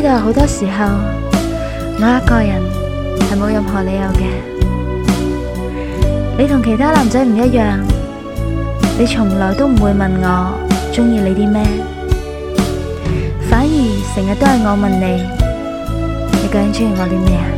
知道好多時候我一個人係冇任何理由嘅。你同其他男仔唔一樣，你從來都唔會問我鍾意你啲咩，反而成日都係我問你，你究竟鍾意我啲咩？